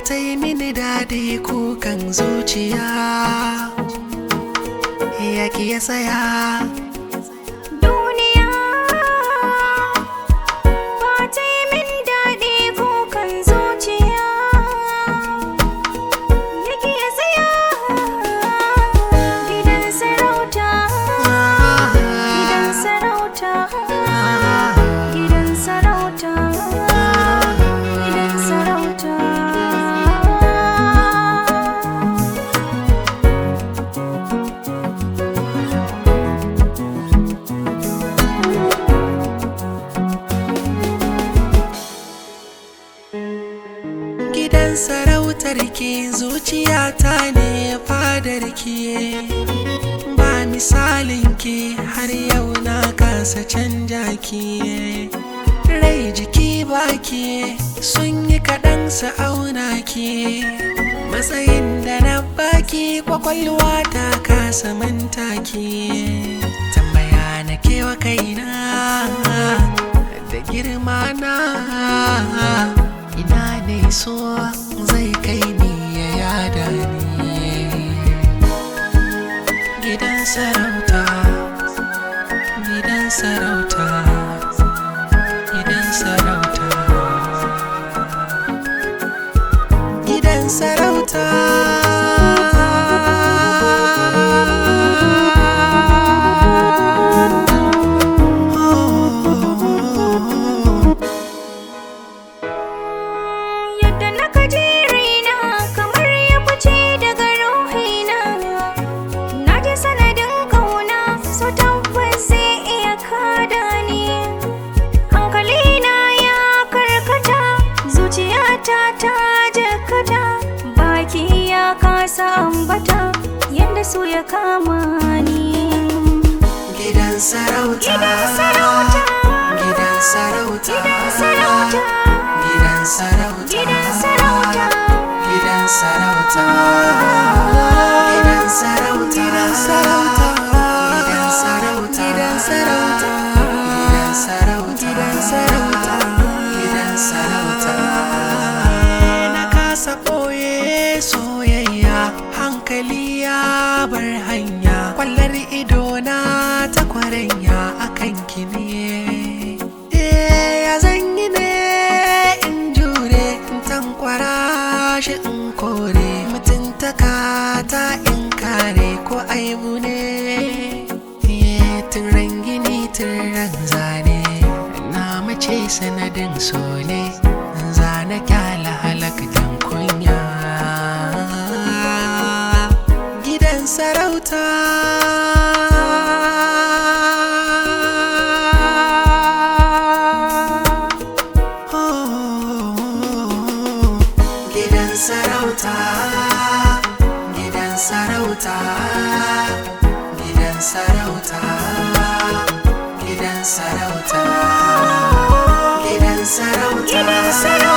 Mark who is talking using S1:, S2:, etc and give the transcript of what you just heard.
S1: ta yi mini daɗi kukan zuciya ya ki ya saya sarki zuciyata ne ya fadar ki ba misalin ki har yau na kasa canja ki rai jiki baki sun yi kaɗan sa auna ki matsayin da na baki kwakwalwa ta kasa manta ki tambaya na kewa kaina da girma na ina ne so gidan sarauta gidan sarauta gidan sarauta gidan sarauta sa ambata yadda su ya kama ni gidan sarauta gidan sarauta gidan sarauta gidan sarauta gidan sarauta gidan sarauta gidan sarauta gidan sarauta gidan sarauta gidan sarauta gidan sarauta gidan sarauta gidan sarauta gidan sarauta kore mutuntaka ta in kare ko aibu ne turan gini turan zane na mace sanadin sole zane kyala dan kunya gidan sarauta sarauta gidan sarauta gidan sarauta gidan sarauta gidan sarauta gidan sarauta